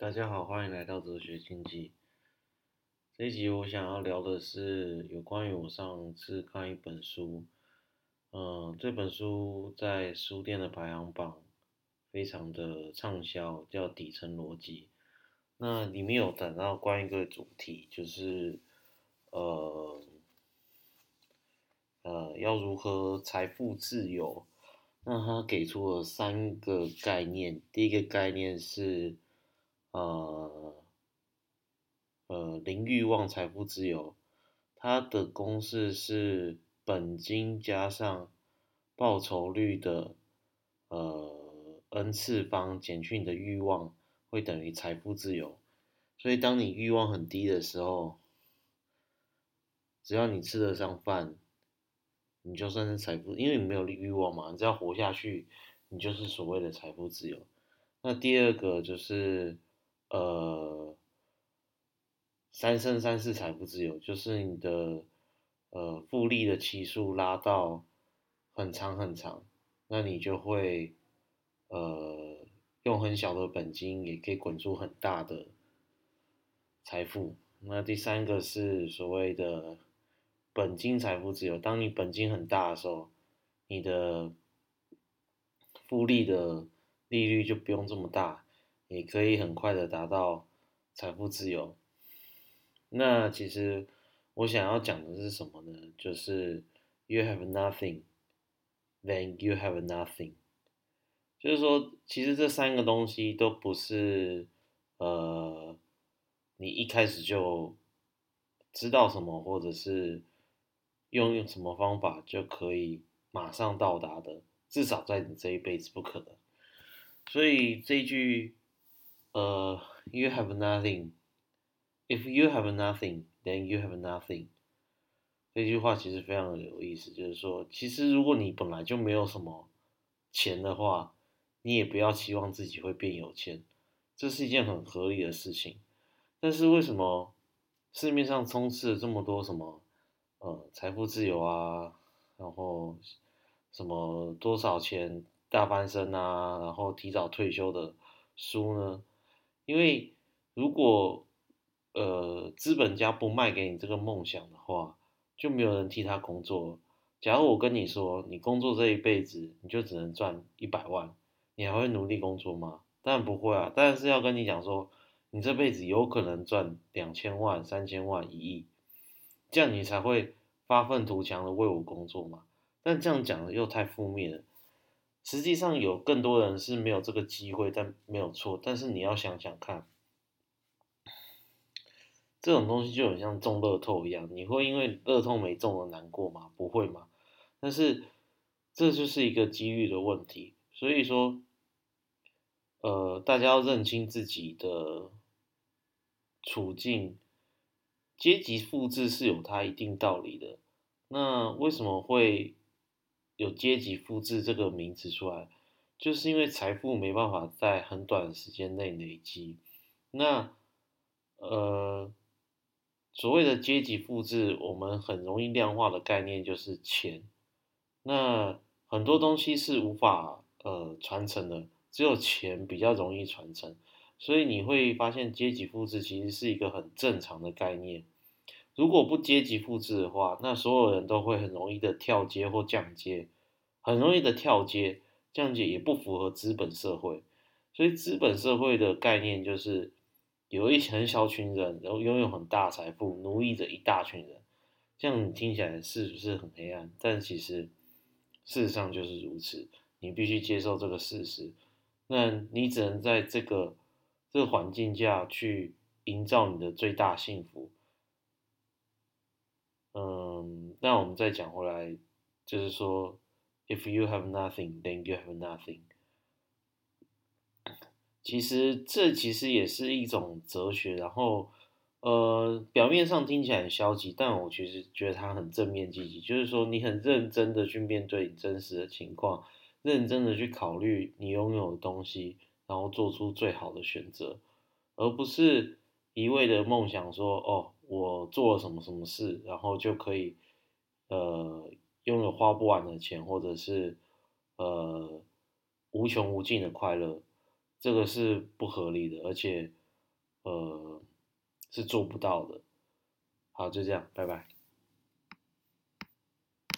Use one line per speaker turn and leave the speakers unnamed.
大家好，歡迎來到哲學經濟。這一集我想要聊的是有關於我上次看一本書，嗯、呃，這本書在書店的排行榜非常的暢銷，叫《底層邏輯》。那裡面有談到關於一個主題，就是呃呃，要如何財富自由？那他給出了三個概念，第一個概念是。呃，呃，零慾望財富自由，它的公式是本金加上報酬率的呃 n 次方減去你的慾望會等於財富自由。所以當你慾望很低的時候，只要你吃得上飯，你就算是財富，因為你沒有慾望嘛，你只要活下去，你就是所謂的財富自由。那第二個就是。呃，三生三世財富自由，就是你的呃複利的期數拉到很長很長，那你就會呃用很小的本金也可以滾出很大的財富。那第三個是所謂的本金財富自由，當你本金很大的時候，你的複利的利率就不用這麼大。你可以很快的達到財富自由。那其實我想要講的是什麼呢？就是 “You have nothing, then you have nothing”，就是說，其實這三個東西都不是，呃，你一開始就知道什麼，或者是用用什麼方法就可以馬上到達的，至少在你這一輩子不可能。所以這句。呃、uh，You have nothing. If you have nothing, then you have nothing. 這句話其實非常的有意思，就是說，其實如果你本來就沒有什麼錢的話，你也不要期望自己會變有錢，這是一件很合理的事情。但是為什麼市面上充斥着這麼多什麼呃財富自由啊，然後什麼多少錢大翻身啊，然後提早退休的書呢？因為如果呃資本家不賣給你這個夢想的話，就沒有人替他工作。假如我跟你說，你工作這一輩子你就只能賺一百萬，你還會努力工作嗎？當然不會啊！但是要跟你講說，你這輩子有可能賺兩千萬、三千萬、一億，這樣你才會發憤圖強的為我工作嘛。但這樣講的又太負面了。實際上有更多人是沒有這個機會，但沒有錯。但是你要想想看，這種東西就很像中樂透一樣，你會因為樂透沒中而難過嗎？不會嗎？但是這就是一個機遇的問題。所以說，呃，大家要認清自己的處境，階級複製是有它一定道理的。那為什麼會？有階級複製這個名詞出來，就是因為財富沒辦法在很短的時間內累積。那，呃，所謂的階級複製，我們很容易量化的概念就是錢。那很多東西是無法呃傳承的，只有錢比較容易傳承。所以你會發現，階級複製其實是一個很正常的概念。如果不階級複製的話，那所有人都會很容易的跳階或降階，很容易的跳階降階也不符合資本社會，所以資本社會的概念就是有一很小群人，然後擁有很大財富，奴役着一大群人。這樣你聽起來是不是很黑暗？但其實事實上就是如此，你必須接受這個事實，那你只能在這個這個環境下去營造你的最大幸福。那我們再講回來，就是說，if you have nothing, then you have nothing。其實這其實也是一種哲學，然後，呃，表面上聽起來很消極，但我其實覺得它很正面積極。就是說，你很認真的去面對真實的情況，認真的去考慮你擁有的東西，然後做出最好的選擇，而不是一味的夢想說，哦，我做了什麼什麼事，然後就可以。呃，擁有花不完的錢，或者是呃無窮無盡的快樂，這個是不合理的，而且呃是做不到的。好，就這樣，拜拜。